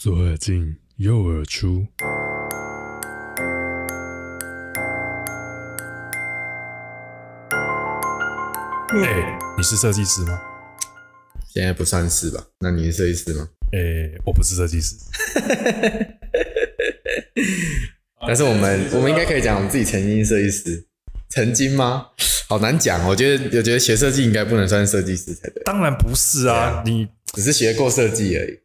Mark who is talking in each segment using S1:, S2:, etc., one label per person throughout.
S1: 左耳進，右耳出。
S2: 哎、欸，你是設計師嗎？現在不算是吧？那你是設計師嗎？
S1: 哎、欸，我不
S2: 是設計師。 但是我們我們應該可以講，我們自己曾經設計師，曾經嗎？好難講。我覺得，我覺得學設計應該不能算設計師才對。
S1: 當然不是啊，對你只是學過設計而已。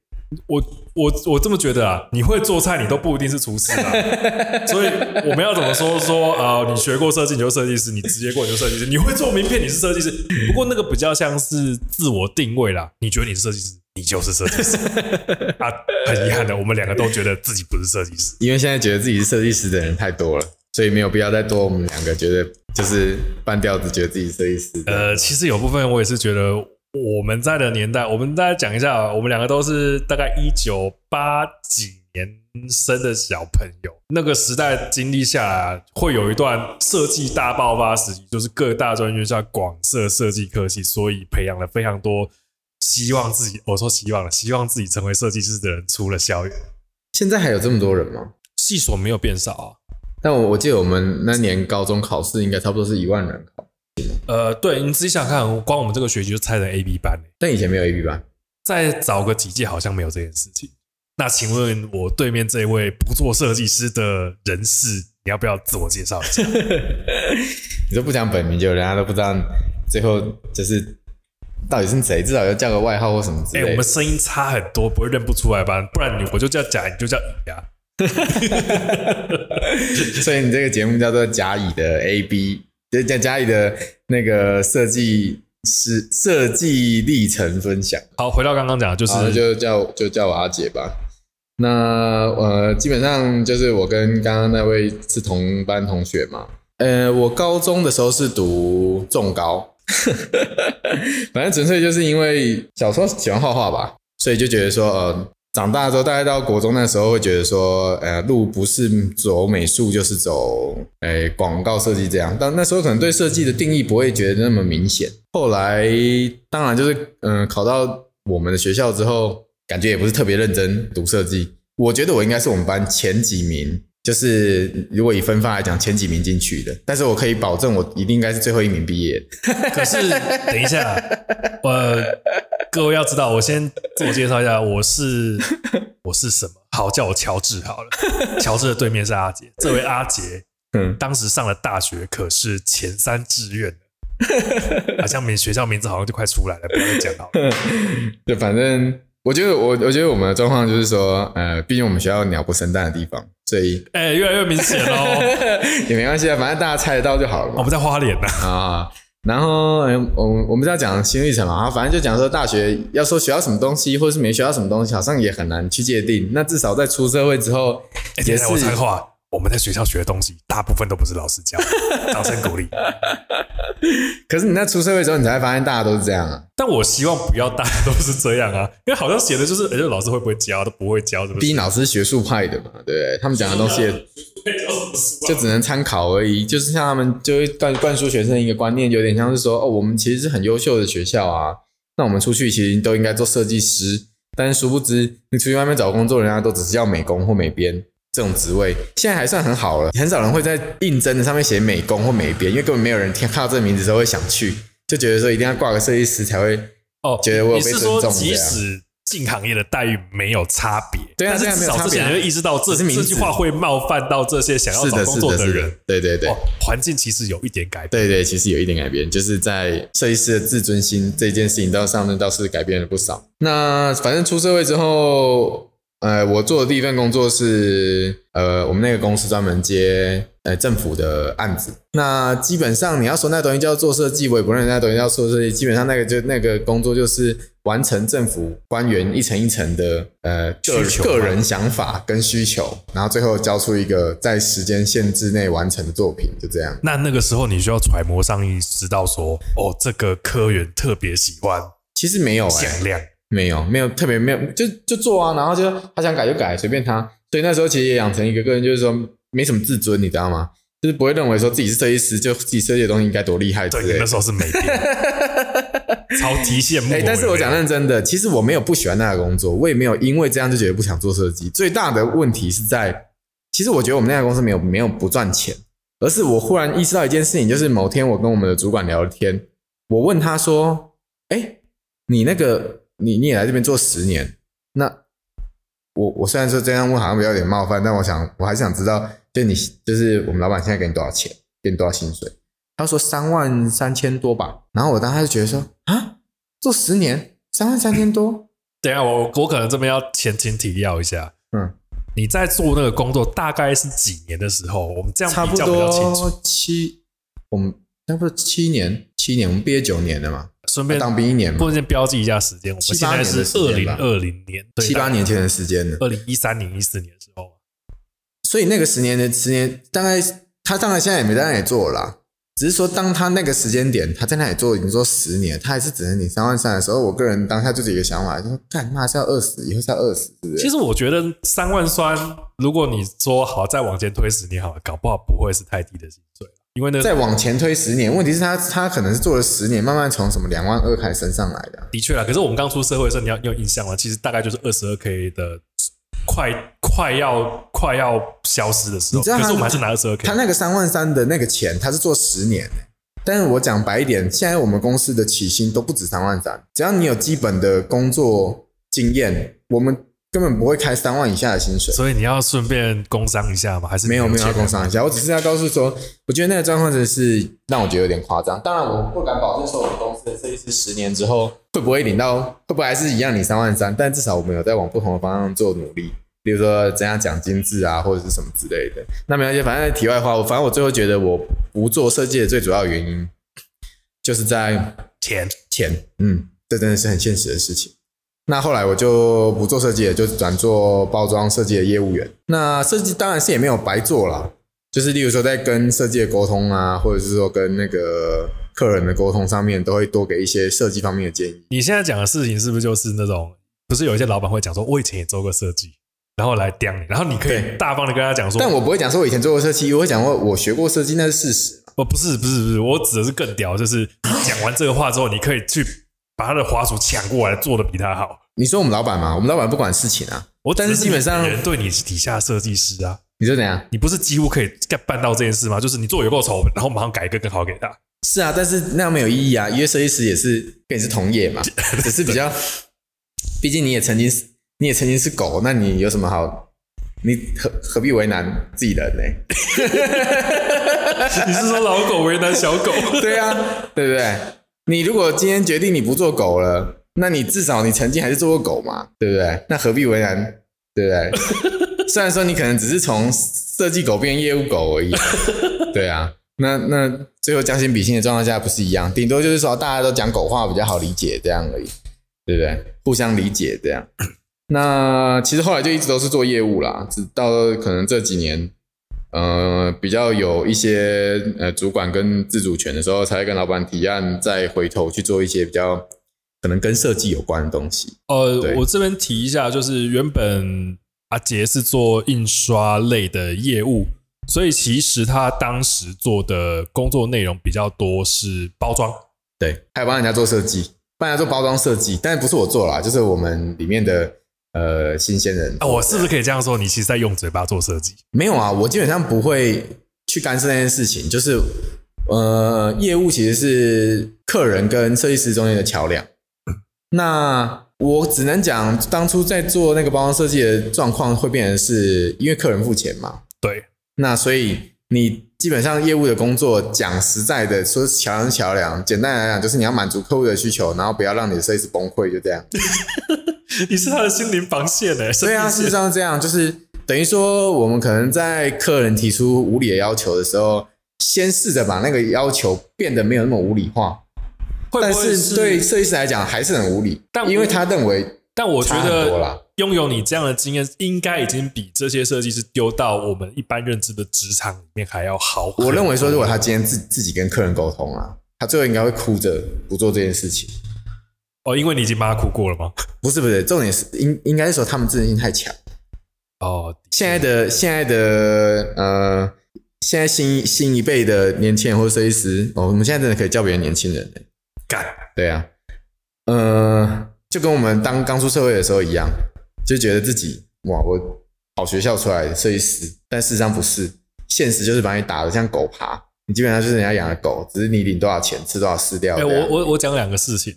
S1: 我。我我這麼覺得啊，你會做菜，你都不一定是廚師啊。所以我們要怎麼說說啊、呃？你學過設計你就設計師，你直接過你就設計師。你會做名片你是設計師，不過那個比較像是自我定位啦。你覺得你是設計師，你就是設計師 啊。很遺憾的，我們兩個都覺得自己不是設計師，
S2: 因為現在覺得自己是設計師的人太多了，所以沒有必要再多。我們兩個覺得就是半吊子，覺得自己是設計師。呃，其實有部分我也
S1: 是覺得。我們在的年代，我們大家講一下，我們兩個都是大概一九八幾年生的小朋友。那個時代經歷下來啊，會有一段設計大爆發時期，就是各大專院校廣設設計科系，所以培養了非常多希望自己，我說希望了，希望自己成為設計師的人出
S2: 了校園。現在還有這麼多人嗎？系所沒有變少啊，但我我記得我們那年高中考試應該差不多是一萬人考。
S1: 呃，對，你自己想看，光我們這個學期就拆成 A B 班，但以前沒有 A B 班，再找個幾屆好像沒有這件事情。那請問我對面這位不做設計師的人士，你要不要自我介
S2: 紹一下？ 你都不講本名，就人家都不知道最後就是到底是誰，至少要叫個外號或什麼之類的。欸，我們聲音差很多，不會認不出來吧？不然
S1: 你我就叫甲，你就叫乙呀、啊。
S2: 所以你這個節目叫做甲乙的 A B。在家裡的那個設計師設計歷程分享。好，回到剛剛講的，就是就叫就叫我阿姐吧。那呃，基本上就是我跟剛剛那位是同班同學嘛。呃，我高中的時候是讀重高，反正純粹就是因為小時候喜歡畫畫吧，所以就覺得說呃。長大之後，大概到國中那時候，會覺得說，呃、欸，路不是走美術，就是走，誒、欸，廣告設計這樣。但那時候可能對設計的定義不會覺得那麼明顯。後來，當然就是，嗯、呃，考到我們的學校之後，感覺也不是特別認真讀設計。我覺得我應該是我們班前幾名，就是如果以分發來講，前幾名進去的。但是我可以保證，我一定應該是最後一名畢業。
S1: 可是，等一下，
S2: 我。各位要知道，我先自我介紹一下，我是
S1: 我是什麼？好，叫我喬治好了。喬治的對面是阿杰，這位阿杰，嗯，當時上了大學，可是前三志願，好、啊、像名學校名字好像就
S2: 快出來了，不用講了。就反正我覺得，我我覺得我們的狀況就是說，呃，畢竟我們學校鳥不生蛋的地方，所以
S1: 哎、欸，越來越明顯咯，
S2: 也沒關係啊，反正大家猜得到就好了，我們、哦、在花蓮啊。哦然後，嗯，我，我們我們不知道講新歷程嘛，啊，反正就講說大學要說學到什麼東西，或者是沒學到什麼東西，好像也很難去界定。那至少在出社會之後，也是。欸
S1: 我們在學校學的東西，大部分都不是老師教的。 掌聲鼓勵。
S2: 可是你在出社會之後，你才發現大家都是這樣啊。但我
S1: 希望不要大家都是這樣啊， 因為好像寫的就是，而、欸、且老師會不會教都不會
S2: 教，對不對？畢竟老師是學術派的嘛，對他們講的東西就只能參考而已。就是像他們就會灌灌輸學生的一個觀念，有點像是說哦，我們其實是很優秀的學校啊，那我們出去其實都應該做設計師。但是殊不知，你出去外面找工作的人，啊，人家都只是要美工或美編。這種職位現在還算很好了，很少人會在應徵的上面寫美工或美編，因為根本沒有人聽到這個名字的時候會想去，就覺得說一定要掛個設計師才會覺得我有被尊重哦。你是說
S1: 即使進行業的待遇沒有差別？對啊，但是至少之前會意識到這名字這句話會冒犯到這些想要找工作的人。是的是
S2: 的是的對對對，哦，環境其實有一點改變。對，對對，其實有一點改變，就是在設計師的自尊心這件事情到上面倒是改變了不少。那反正出社會之後，呃，我做的第一份工作是，呃，我們那個公司專門接呃政府的案子。那基本上你要說那東西叫做設計，我也不認識那東西叫做設計。基本上那個就那個工作就是完成政府官員一層一層的呃需求個、個人想法跟需求，然後最後交出一個在時間限制內完成的作品，就這樣。
S1: 那那個時候你需要揣摩上意，知道說哦，這個科員特別
S2: 喜歡，其實沒有響、欸、亮。沒有，沒有特別沒有，就就做啊，然後就他想改就改，隨便他。所以那時候其實也養成一個個人，就是說沒什麼自尊，你知道嗎？就是不會認為說自己是設計師，就自己設計的東西應該多厲害的。對，那時候是沒的， 超級羨慕。哎，但是我講認真的， 其實我沒有不喜歡那個工作，我也沒有因為這樣就覺得不想做設計。最大的問題是在，其實我覺得我們那家公司沒有沒有不賺錢，而是我忽然意識到一件事情，就是某天我跟我們的主管聊天，我問他說：“哎、欸，你那個？”你你也來這邊做十年，那我我雖然說這樣問好像比較有點冒犯，但我想我還是想知道，就你就是我們老板現在給你多少錢，給你多少薪水？他說三萬三千多吧。然後我當時就覺得說啊，做十年三萬三千多。嗯、等下我我可能這邊要前情提要一下。嗯，
S1: 你在做那個工作大概是幾年的時候？我們這樣比較比較清楚。差不
S2: 多七，我們那不是七年？七年？我們畢業九年了嘛。順便當兵一年，不能先標記一下時間。
S1: 我們現在是二零二零年，七八
S2: 年前的時間，二
S1: 零一三年、一四年的時候。
S2: 所以那個十年的十年，大概他當然現在也沒在那裡做了，只是說當他那個時間點，他在那裡做已經做十年，他還是只能領三萬三的時候。我個人當下就是一個想法，就是幹，那還是要餓死，以後是要餓死，對不對？其實我覺
S1: 得三萬三，如果你說好再往前推十年，好了，搞不好不會是太低的薪水。
S2: 因為呢，再往前推十年，問題是他，他可能是做了十年，慢慢從什麼兩萬二開始升上來的。
S1: 的確啊，可是我們剛出社會的時候，你要你有印象嗎？其實大概就是二十二 k 的快快要快要消失的時候。可是我們還是拿二十二 k 他，他
S2: 那個三萬三的那個錢，他是做十年。欸，但是我講白一點，現在我們公司的起薪都不止三萬三，只要你有基本的工作經驗，我們根本不會開三萬以下的薪水，所以你要順便工商一下嗎？還是沒有沒有要工商一下，我只是要告訴說，我覺得那個狀況真的是讓我覺得有點誇張。當然，我不敢保證說我們公司的設計師十年之後會不會領到，會不會還是一樣領三萬三。但至少我們有在往不同的方向做努力，比如說怎樣講獎金制啊，或者是什麼之類的。那沒關係，反正題外話，我反正我最後覺得我不做設計的最主要原因，就是在錢錢，甜嗯，這真的是很現實的事情。那後來我就不做設計了，就轉做包裝設計的業務員。那設計當然是也沒有白做啦，就是例如說在跟設計的溝通啊，或者是說跟那個客人的溝通上面，都會多給一些設計方面的建議。
S1: 你現在講的事情是不是就是那種，不是有一些老闆會講說，我以前也做過設計，然後來刁你，然後你可以大方的跟他講說，但我不會講說我以
S2: 前做過設計，我會講說我學過設
S1: 計，那是事實。哦，不是不是不是，我指的是更屌，就是你講完這個話之後，你可以去。把他的滑鼠，搶過來做得比他好。你說我們老板嗎？我們老板不管事情啊。我只是但是基本上人對你是底下設計師啊。你說怎樣？你不是幾乎可以辦到這件事嗎？就是你做
S2: 有夠醜，然後馬上改一個更好給他。是啊，但是那樣沒有意義啊。啊因為設計師也是跟你是同業嘛，只 是比較，畢竟你也曾經是，你也曾經是狗，那你有什麼好？你何何必為難自己的人呢？ 你是說老狗為難小狗？ 對啊，對不對？你如果今天決定你不做狗了，那你至少你曾經還是做過狗嘛，對不對？那何必為難，對不對？ 雖然說你可能只是從設計狗變業務狗而已，對啊。那那最後將心比心的狀況下不是一樣？頂多就是說大家都講狗話比較好理解這樣而已，對不對？互相理解這樣。那其實後來就一直都是做業務啦，直到了可能這幾年。呃，比較有一些呃主管跟自主權的時候，才會跟老闆提案，再回頭去做一些比較可能跟設計有關的東西。
S1: 呃，對我這邊提一下，就是原本阿杰是做印刷類的業務，所以其實他當時做的工作內容比較多是包裝，
S2: 對，還有幫人家做設計，幫人家做包裝設計，但是不是我做啦，就是我們裡面的。呃，新鮮人啊，我
S1: 是不是可以這樣說？你其實在用嘴巴做設計？
S2: 沒有啊，我基本上不會去干涉那件事情。就是呃，業務其實是客人跟設計師中間的橋梁。嗯、那我只能講，當初在做那個包裝設計的狀況會變成是因為客人付錢嘛。對。那所以你基本上業務的工作，講實在的，說是橋梁是橋梁，簡單來講就是你要滿足客戶的需求，然後不要讓你的設計師崩潰，就這樣。 你是他的心靈防線呢、欸？所以啊，事實上這樣就是等於說，我們可能在客人提出無理的要求的時候，先試着把那個要求變得沒有那麼無理化。會不會是，但是對設計師來講，還是很無理。但我因為他認為，但我覺得，
S1: 擁有你這樣的經驗，應該已經比這些設計師丟到我們一般認知的職場裡面還要好。我認為說，如果他今天
S2: 自己自己跟客人溝通啊，他最後應該會哭着不做這件事情。哦，因為你已經把他哭過了嗎？不是不是，重點是應應該是說他們自尊心太強。
S1: 哦，
S2: 現，現在的現在的呃，現在新新一輩的年輕人或者設計師，哦，我們現在真的可以叫別人年輕人，幹幹，對啊？呃，就跟我們當剛出社會的時候一樣，就覺得自己哇，我好學校出來的設計師，但事實上不是，現實就是把你打得像狗爬，你基本上就是人家養的狗，只是你領多少錢吃多少飼料。哎、欸，我
S1: 我我講兩個事情。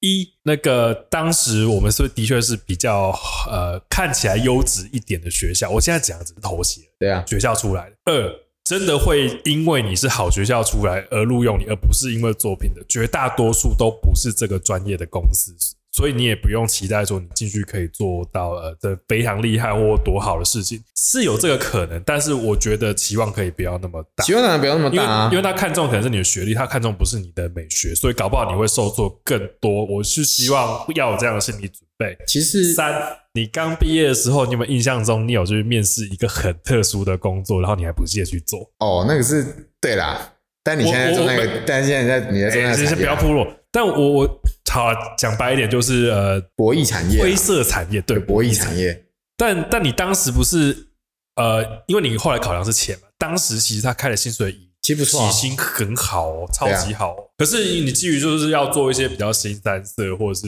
S1: 一、那個當時我們是的確是比較呃看起來優質一點的學校，我現在講的只是頭銜，對啊，學校出來。二、真的會因為你是好學校出來而錄用你，而不是因為作品的絕大多數都不是這個專業的公司。所以你也不用期待說你繼續可以做到呃的非常厲害，或多好的事情是有這個可能，但是我覺得期望可以不要那麼大，期望可能不要那麼大，因為他看重可能是你的學歷，他看重不是你的美學，所以搞不好你會受挫更多。我是希望要有這樣的心理準備。其實三，你剛畢業的時候，你有沒有印象中你有去面試一個很特殊的工作，然後你還不屑去做
S2: 哦？那個是對啦，但你現在做那個，但是現在你在做那個、欸，你先不要鋪路，但我我。
S1: 好、啊，講白一點就是呃，博弈產業、灰色產業，對博弈產業。但但你當時不是呃，因為你後來考量是錢嘛。當時其實他開的薪水其實薪很好，哦，超級好。啊，可是你基於就是要做一些比較新三色，或者是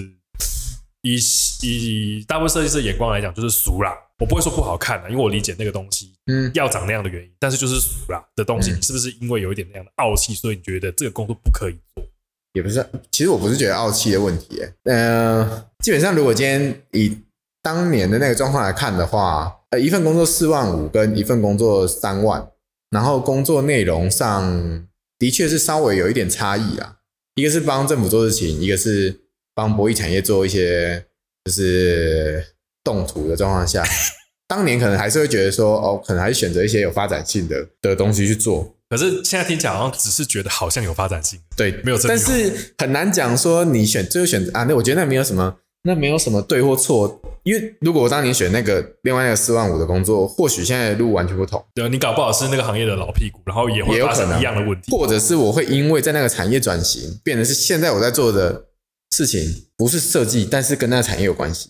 S1: 以以大部分設計師的眼光來講，就是俗啦。我不會說不好看的，因為我理解那個東西，嗯，要長那樣的原因。嗯，但是就是俗啦的東西，嗯、你是不是因為有一點那樣的傲氣，所以你覺得這個工作不可以做？
S2: 也不是，其實我不是覺得傲氣的問題，嗯、呃，基本上如果今天以當年的那個狀況來看的話，呃，一份工作四萬五跟一份工作三萬，然後工作內容上的確是稍微有一點差異啊，一個是幫政府做事情，一個是幫博弈產業做一些就是動圖的狀況下， 當年可能還是會覺得說，哦，可能還是選擇一些有發展性的的東西去做。可是現在聽起來，好像只是覺得好像有發展性。對，沒有。但是很難講說你選最後選擇啊，那我覺得那沒有什麼，那沒有什麼對或錯。因為如果我當年選那個另外那個四萬五的工作，或許現在的路完全不同。
S1: 對，你搞不好是那個行業的老屁股，然後也會發生一樣的問
S2: 題。或者是我會因為在那個產業轉型，變成是現在我在做的事情不是設計，但是跟那個產業有關係，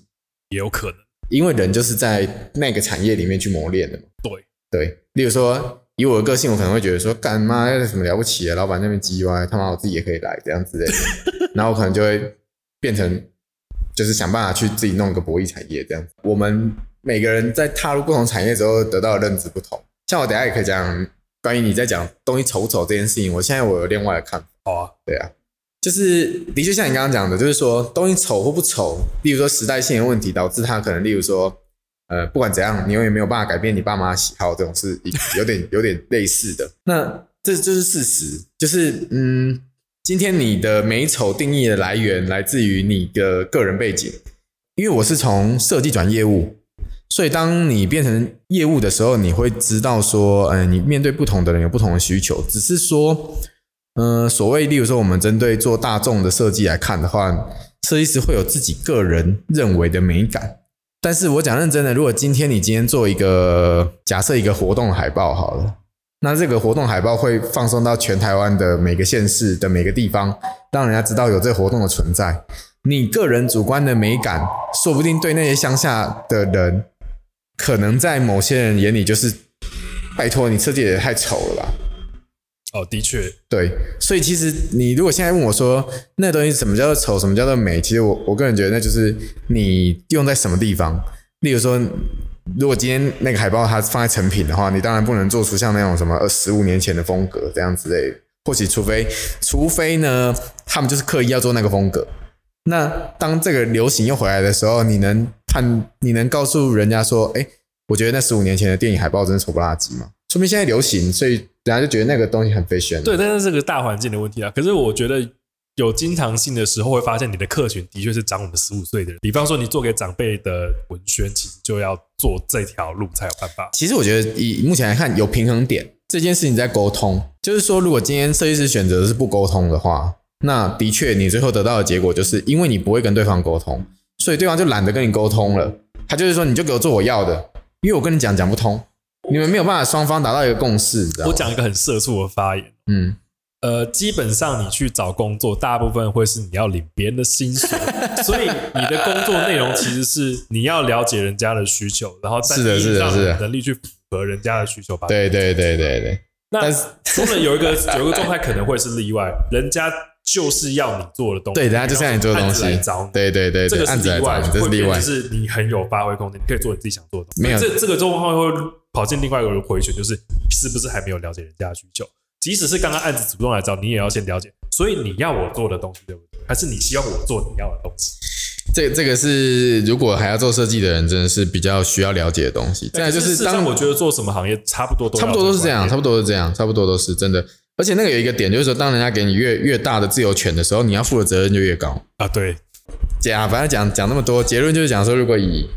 S1: 也有可能。
S2: 因為人就是在那個產業裡面去磨練的嘛。對對，例如說。以我的個性，我可能會覺得說，幹媽要什麼了不起啊？老闆那邊雞歪，他媽我自己也可以來這樣子的。然後我可能就會變成，就是想辦法去自己弄個博弈產業這樣子。我們每個人在踏入不同產業之後，得到的認知不同。像我等下也可以講關於你在講東西醜不醜這件事情。我現在我有另外的看法。好啊對啊，就是的確像你剛剛講的，就是說東西醜或不醜，例如說時代性的問題導致他可能，例如說。呃，不管怎樣，你永遠沒有辦法改變你爸媽的喜好，這種是有點有點類似的。 那這就是事實，就是嗯，今天你的美醜定義的來源來自於你的個人背景。因為我是從設計轉業務，所以當你變成業務的時候，你會知道說，嗯、呃，你面對不同的人有不同的需求。只是說，嗯、呃，所謂，例如說，我們針對做大眾的設計來看的話，設計師會有自己個人認為的美感。但是我講認真的，如果今天你今天做一個假設一個活動海報好了，那這個活動海報會放送到全台灣的每個縣市的每個地方，讓人家知道有這活動的存在。你個人主觀的美感，說不定對那些鄉下的人，可能在某些人眼裡就是，拜托你設計也太醜了吧。哦，的確，對，所以其實你如果現在問我說，那個東西什麼叫做醜，什麼叫做美，其實我我個人覺得那就是你用在什麼地方。例如說，如果今天那個海報它放在成品的話，你當然不能做出像那種什麼十五年前的風格這樣之類的。或許除非，除非呢，他們就是刻意要做那個風格。那當這個流行又回來的時候，你能判，你能告訴人家說，哎，我覺得那十五年前的電影海報真的醜不拉幾嗎？說明現在流行，所以人家就覺得那個東西很 fashion。對，
S1: 但是這個大環境的問題啊。可是我覺得有經常性的時候，會發現你的客群的確是長我們十五歲的人。比方說，你做給長輩的文宣，其實就要做這
S2: 條路才有辦法。其實我覺得以目前來看，有平衡點這件事情在溝通。就是說，如果今天設計師選擇是不溝通的話，那的確你最後得到的結果就是因為你不會跟對方溝通，所以對方就懶得跟你溝通了。他就是說，你就給我做我要的，因為我跟你講講不通。你們沒有辦法雙方達到一個共識。我講一
S1: 個很社畜的發言。嗯，呃，基本上你去找工作，大部分會是你要領別人的薪水，所以你的工作內容其實是你要了解人家的需求，然後但是能力去符合人家的需求。對對對對對。那當然有一個有一個狀態可能會是例外，人家就是要你做的東西。對，人家就是要你做的東西。來找你，
S2: 對對對，這個是例外，這是例外，就是
S1: 你很有發揮空間，你可以做你自己想做的東西。沒有，這這個狀況會。跑進另外一個回旋，就是是不是還沒有了解人家的需求？即使是剛剛案子主動來找你，也要先了解。所以你要我做的東西，對不對？還是你希望我做你要的東西？
S2: 這個、這個是，如果還要做設計的人，真的是比較需要了解的東西。現在就是，當我覺
S1: 得做什麼行業，差不多，差不多都是這樣，
S2: 差不多是這樣，差不多都是真的。而且那個有一個點，就是說，當人家給你越越大的自由權的時候，你要負的責任就越高啊。對，講反正講講那麼多，結論就是講說，如果以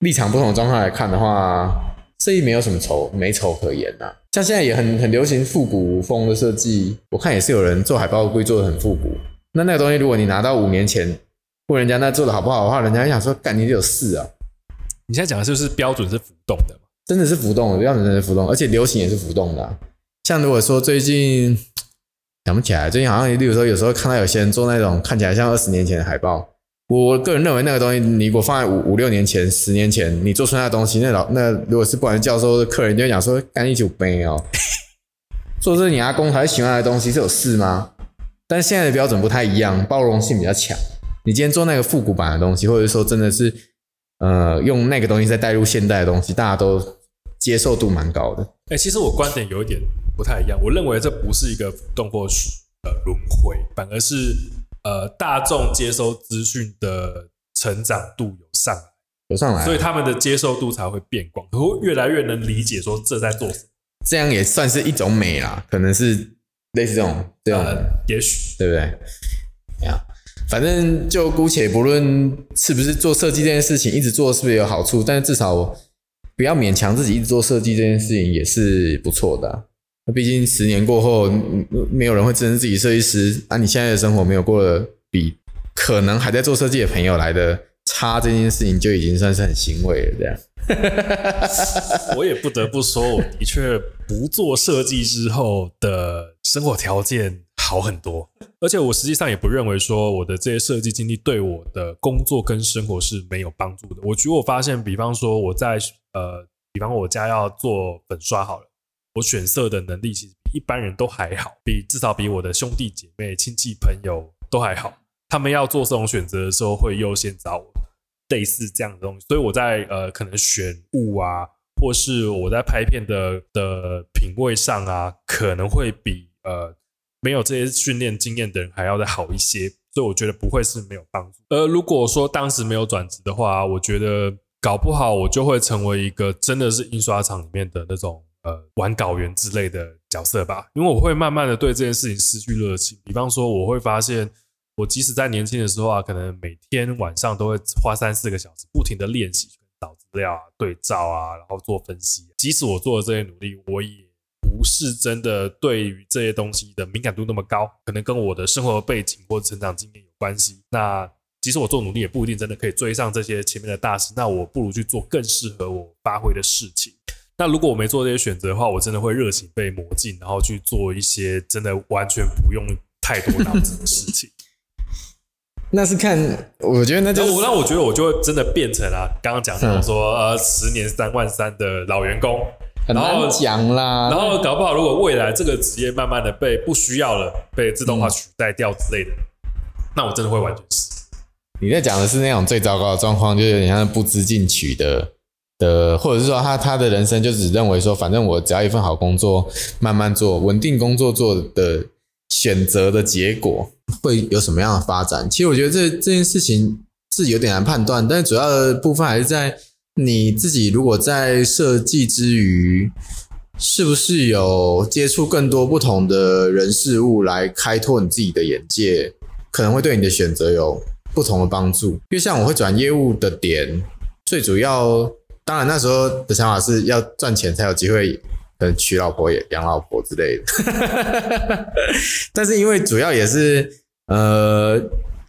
S2: 立場不同的狀態來看的話。這一沒有什麼愁，沒愁可言吶、啊。像現在也很很流行復古風的設計，我看也是有人做海報會做的很復古。那那個東西，如果你拿到五年前問人家那做的好不好的話，人家還想說，幹你有事啊！你現在講的是不是標準是浮動的嘛？真的是浮動的，標準真的是浮動的，而且流行也是浮動的、啊。像如果說最近想不起來，最近好像，例如說有時候看到有些人做那種看起來像二十年前的海報。我個人認為那個東西，你如果放在五五六年前，十年前，你做出那東西，那老那如果是不然，教授的客人就會講說：“幹一杯哦，做 這你阿公還是喜歡的東西，是有事嗎？”但現在的標準不太一樣，包容性比較強。你今天做那個復古版的東西，或者說真的是呃用那個東西再帶入現代的東西，大家都接受度蠻高的。
S1: 哎，欸，其實我觀點有一點不太一樣，我認為這不是一個動作呃輪迴，反而是。呃，大眾接收資訊的成長度有上來，
S2: 有上來，所以他們的
S1: 接受度才會變
S2: 廣，會越來越能理解說這在做什麼。這樣也算是一種美啦，可能是類似這種這種，也許、uh, yes. 對不對？哎呀，反正就姑且不論是不是做設計這件事情一直做是不是有好處，但至少不要勉強自己一直做設計這件事情也是不錯的、啊。那畢竟十年過後，沒有人會支持自己設計師啊！你現在的生活沒有過得比可能還在做設計的朋友來的差，這件事情就已經算是很欣慰了。這樣，
S1: 我也不得不說，我的確不做設計之後的生活條件好很多。而且我實際上也不認為說我的這些設計經歷對我的工作跟生活是沒有幫助的。我覺得我發現，比方說我在呃，比方我家要做粉刷好了。我選色的能力其實比一般人都還好，比至少比我的兄弟姐妹、親戚朋友都還好。他們要做這種選擇的時候，會優先找我，類似這樣的東西。所以我在呃，可能選物啊，或是我在拍片的的品味上啊，可能會比呃沒有這些訓練經驗的人還要再好一些。所以我覺得不會是沒有幫助。而如果說當時沒有轉職的話，我覺得搞不好我就會成為一個真的是印刷廠裡面的那種。呃，完稿員之類的角色吧，因為我會慢慢的對這件事情失去熱情。比方說，我會發現，我即使在年輕的時候啊，可能每天晚上都會花三四個小時，不停的練習、找資料啊、對照啊，然後做分析。即使我做了這些努力，我也不是真的對於這些東西的敏感度那麼高，可能跟我的生活背景或者成長經驗有關係。那即使我做努力，也不一定真的可以追上這些前面的大師。那我不如去做更適合我發揮的事情。那如果我沒做這些選擇的話，我真的會熱情被磨盡，然後去做一些真的完全不用太多腦子的事情。
S2: 那是看，我覺得那
S1: 就是嗯、那我覺得我就會真的變成啊，剛剛講那種說哼呃十年，三萬三的老員工，很難講
S2: 啦。然後
S1: 搞不好如果未來這個職業慢慢的被不需要了，被自動化取代掉之類的，嗯、那我真的會完全死。
S2: 你在講的是那種最糟糕的狀況，就是、有點像不知進取的。呃，或者是說他他的人生就只認為說，反正我只要一份好工作，慢慢做穩定工作做的選擇的結果會有什麼樣的發展？其實我覺得這這件事情是有點難判斷，但主要的部分還是在你自己，如果在設計之餘，是不是有接觸更多不同的人事物來開拓你自己的眼界，可能會對你的選擇有不同的幫助。因為像我會轉業務的點，最主要。當然，那時候的想法是要賺錢才有機會，等娶老婆也養老婆之類的。 但是，因為主要也是，呃，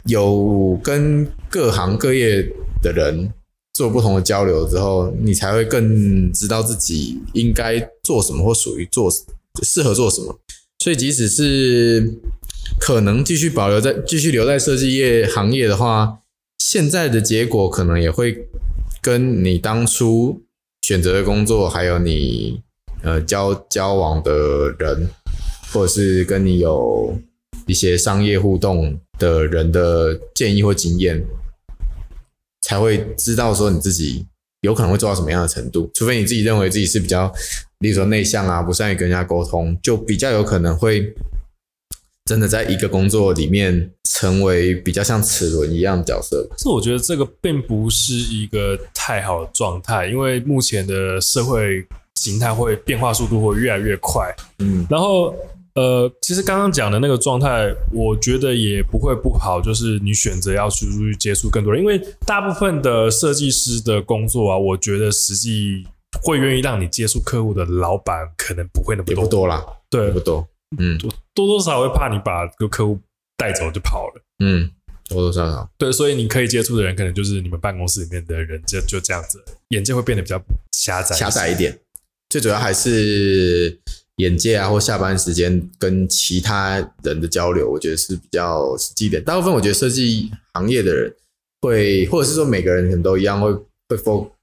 S2: 有跟各行各業的人做不同的交流之後，你才會更知道自己應該做什麼或屬於做、適合做什麼。所以，即使是可能繼續保留在繼續留在設計業行業的話，現在的結果可能也會。跟你當初選擇的工作，還有你呃交、交往的人，或者是跟你有一些商業互動的人的建議或經驗，才會知道說你自己有可能會做到什麼樣的程度。除非你自己認為自己是比較，例如說內向啊，不善於跟人家溝通，就比較有可能會。真的在一個工作裡面成為比較像齒輪一樣的角色，
S1: 這我覺得這個並不是一個太好的狀態，因為目前的社會形態會變化速度會越來越快。嗯，然後呃，其實剛剛講的那個狀態，我覺得也不會不好，就是你選擇要去去接觸更多人，因為大部分的設計師的工作啊，我覺得實際會願意讓你接觸客戶的老闆可能不會那麼多，也不多啦，
S2: 對，也不多，嗯。
S1: 多多少少會怕你把個客戶帶走就跑了。嗯，多多少少。對，所以你可以接觸的人，可能就是你們辦公室裡面的人，就就這樣子，眼界會變得比較狹窄，狹窄一點。
S2: 最主要還是眼界啊，或下班時間跟其他人的交流，我覺得是比較實際一點。大部分我覺得設計行業的人會，或者是說每個人可能都一樣，會被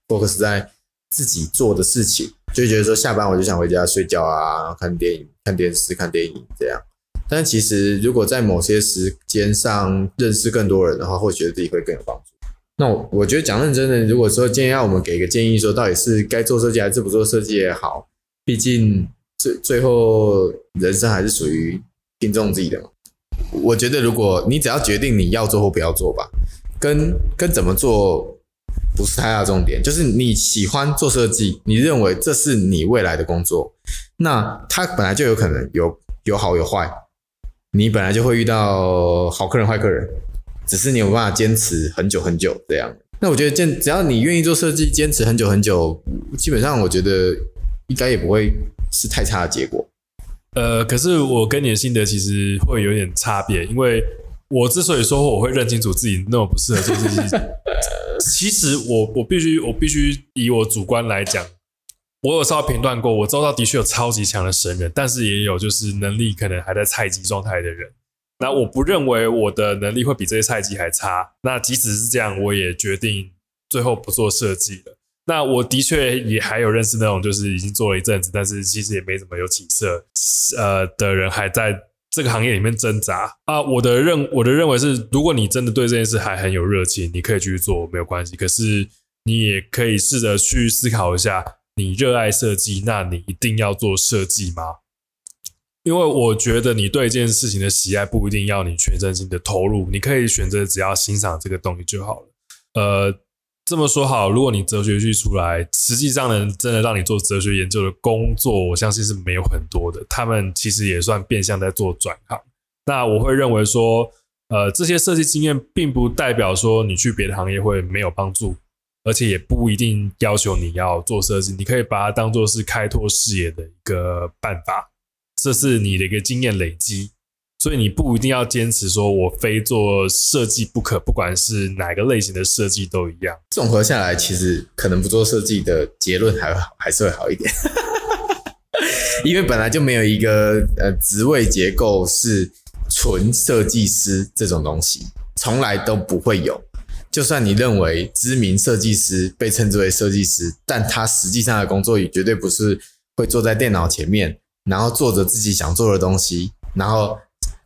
S2: focus 在自己做的事情。就覺得說下班我就想回家睡覺啊，看電影、看電視、看電影這樣。但其實如果在某些時間上認識更多人的話，會覺得自己會更有幫助。那我我覺得講認真的，如果說今天要我們給一個建議，說到底是該做設計還是不做設計也好，畢竟最最後人生還是屬於聽眾自己的嘛。我覺得如果你只要決定你要做或不要做吧，跟跟怎麼做。不是太大的重點。就是你喜歡做設計，你認為這是你未來的工作，那它本來就有可能有有好有壞，你本來就會遇到好客人壞客人。只是你有沒有辦法堅持很久很久這樣。那我覺得，這只要你願意做設計，堅持很久很久，基本上我覺得應該也不會是太差的結果。
S1: 呃，可是我跟你的心得其實會有點差別，因為。我之所以說我會認清楚自己那麼不適合做設計，其實我我必須，我必須以我主觀來講，我有稍微評斷過，我周遭的確有超級強的神人，但是也有就是能力可能還在菜雞狀態的人。那我不認為我的能力會比這些菜雞還差。那即使是這樣，我也決定最後不做設計了。那我的確也還有認識那種就是已經做了一陣子，但是其實也沒怎麼有起色呃的人還在這個行業裡面掙扎啊！我的認我的認為是，如果你真的對這件事還很有熱情，你可以去做，沒有關係。可是你也可以試着去思考一下：你熱愛設計，那你一定要做設計嗎？因為我覺得你對這件事情的喜愛，不一定要你全身心的投入。你可以選擇只要欣賞這個東西就好了。呃。這麼說好，如果你哲學去出來，實際上能真的讓你做哲學研究的工作，我相信是沒有很多的。他們其實也算變相在做轉行。那我會認為說，呃，這些設計經驗並不代表說你去別的行業會沒有幫助，而且也不一定要求你要做設計，你可以把它當做是開拓視野的一個辦法，這是你的一個經驗累積。所以你不一定要堅持說，我非做設計不可，不管是
S2: 哪個類型的設計都一樣。綜合下來，其實可能不做設計的結論還會好，還是會好一點，因為本來就沒有一個呃職位結構是純設計師這種東西，從來都不會有。就算你認為知名設計師被稱之為設計師，但他實際上的工作也絕對不是會坐在電腦前面，然後做着自己想做的東西，然後。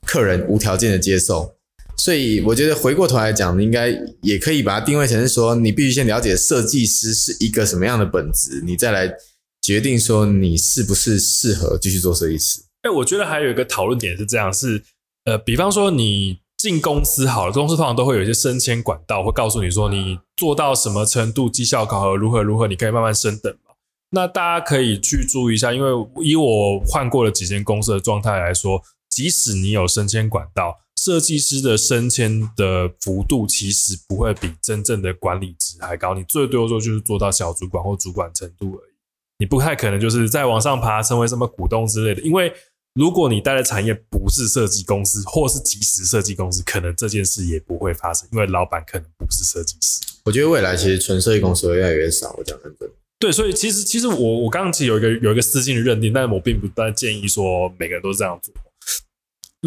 S2: 客人無條件的接受，所以我覺得回過頭來講，應該也可以把它定位成是說，你必須先了解設計師是一個什麼樣的本質，你再來決定說你是不是適合繼續做設計師。
S1: 誒、欸，我覺得還有一個討論點是這樣，是呃，比方說你進公司好了，公司通常都會有一些升遷管道，會告訴你說你做到什麼程度，績效考核如何如何，你可以慢慢升等嘛。那大家可以去注意一下，因為以我換過了幾間公司的狀態來說。即使你有升遷管道，設計師的升遷的幅度其實不會比真正的管理職還高。你最多做就是做到小主管或主管程度而已，你不太可能就是再往上爬，成為什麼股東之類的。因為如果你待的產業不是設計公司，或是即使設計公司，可能這件事也不會發生。因為老闆可能不是設
S2: 計師。我覺得未來其實純設計公司會越來越少。我講真的。
S1: 對，所以其實其實我我剛剛其實有一個有一個私心的認定，但是我並不在建議說每個人都是這樣做。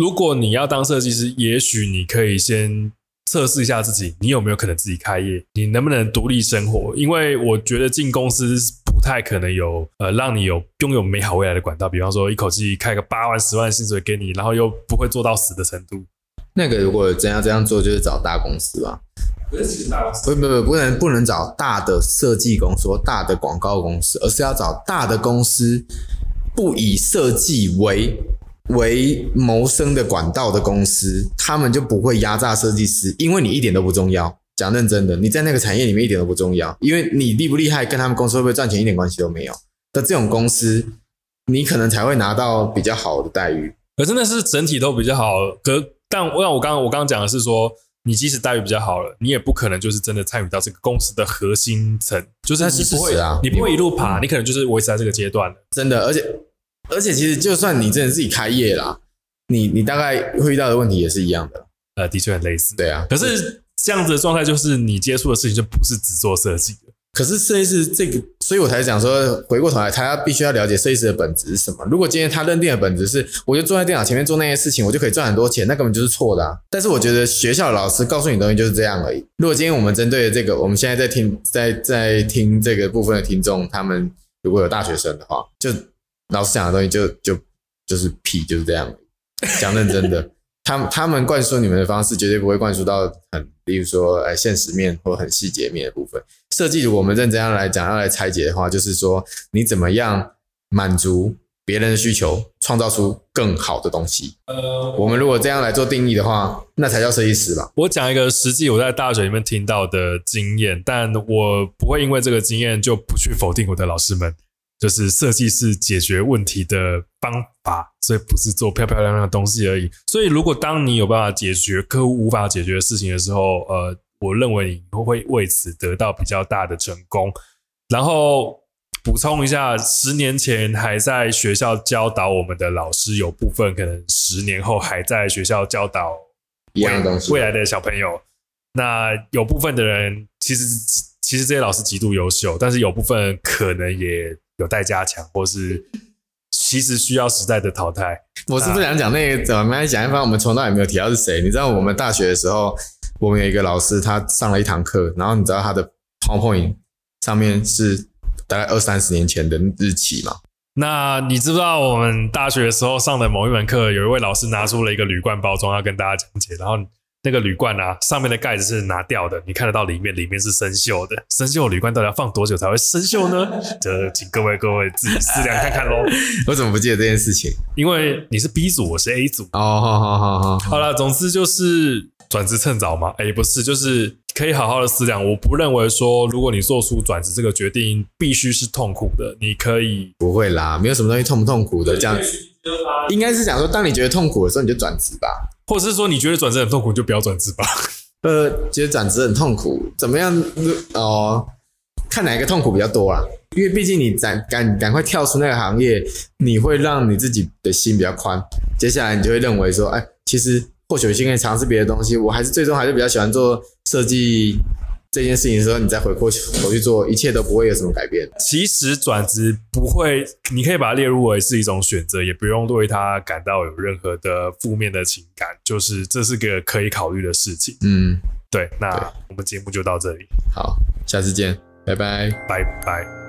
S1: 如果你要當設計師，也許你可以先測試一下自己，你有沒有可能自己開業，你能不能獨立生活？因為我覺得進公司不太可能有呃，讓你有擁有美好未來的管道。比方說，一口氣開個八萬、十萬薪水給你，
S2: 然後又不會
S1: 做到死的程度。
S2: 那個如果真要這樣做，就是找大公司吧。不是不是，不能，不能不能找大的設計公司、大的廣告公司，而是要找大的公司，不以設計為。為謀生的管道的公司，他們就不會壓榨設計師，因為你一點都不重要。講認真的，你在那個產業裡面一點都不重要，因為你厲不厲害跟他們公司會不會賺錢一點關係都沒有。但這種公司，你可能才會拿到比較好的待遇。可真的
S1: 是整體都比較好。可但讓我剛剛我剛剛講的是說，你即使待遇比較好了，你也不可能就是真的參與到這個公司的核心層，就是你是不會實實啊，你不會一路爬，嗯、你
S2: 可能就是維持在這個階段。真的，而且。而且其實，就算你真的自己開業啦，你你大概會遇到的問題也是一樣的。呃，的確很類似。對啊，可是這樣子的狀態就是你接觸的事情就不是只做設計。可是設計師這個，所以我才講說，回過頭來，他必須要了解設計師的本質是什麼。如果今天他認定的本質是，我就坐在電腦前面做那些事情，我就可以賺很多錢，那根本就是錯的啊。但是我覺得學校的老師告訴你的東西就是這樣而已。如果今天我們針對的這個，我們現在在聽，在，在聽這個部分的聽眾，他們如果有大學生的話，就。老師講的東西就就就是屁，就是這樣，講認真的， 他們他們灌輸你們的方式絕對不會灌輸到很，例如說，哎，現實面或很細節面的部分。設計，我們認真要來講，要來拆解的話，就是說你怎麼樣滿足別人的需求，創造出更好的東西。
S1: 呃，我們
S2: 如果這樣來做定義的話，那才叫設計師吧。我講一個實際我在大學
S1: 裡面聽到的經驗，但我不會因為這個經驗就不去否定我的老師們。就是設計是解決問題的方法，所以不是做漂漂亮亮的東西而已。所以，如果當你有辦法解決客戶無法解決的事情的時候，呃，我認為你會為此得到比較大的成功。然後補充一下，十年前還在學校教導我們的老師，有部分可能十年後還在學校教導一樣東西未來的小朋友。那有部分的人其實其實這些老師極度優秀，但是有部分可能也。有待加強，或是其實需要時代的淘汰。
S2: 我是不想講那個，怎麼來講？嗯、反正我們從來也沒有提到是誰。你知道我們大學的時候，我們有一個老師，他上了一堂課，然後你知道他的 PowerPoint 上面是大概二三十年前的日期嘛？
S1: 那你知不知道我們大學的時候上的某一門課，有一位老師拿出了一個鋁罐包裝要跟大家講解，然後。那個鋁罐啊，上面的蓋子是拿掉的，你看得到裡面，裡面是生鏽的。生鏽的鋁罐到底要放多久才會生鏽呢？這 請各位各位自己思量看看咯。我怎麼不記得這件事情？因為你是 B 組，我是 A 組。哦，好好好好。好了，總之就是轉職趁早嘛。哎、欸，不是，就是可以好好的思量。我不認為說，如果你做出轉職這個決定，必須是痛苦的。
S2: 你可以不會啦，沒有什麼東西痛不痛苦的。對對對，這樣子、啊、應該是講說，當你覺得痛苦的時候，你就轉職吧。
S1: 或者是說你覺得轉職很痛苦，就不要轉職吧。
S2: 呃，覺得轉職很痛苦，怎麼樣？哦，看哪一個痛苦比較多啊？因為畢竟你趕趕趕快跳出那個行業，你會讓你自己的心比較寬。接下來你就會認為說，哎、欸，其實或許可以嘗試別的東西。我還是最終還是比較喜歡做設計。這件事情的時候，你再回過去回去做，一切都不會有什麼改變。其實轉
S1: 職不會，你可以把它列入為是一種選擇，也不用對它感到有任何的負面的情感，就是這是個可以考慮的事情。嗯，對，那我們節目就到這裡，
S2: 好，下次見，拜拜，
S1: 拜拜。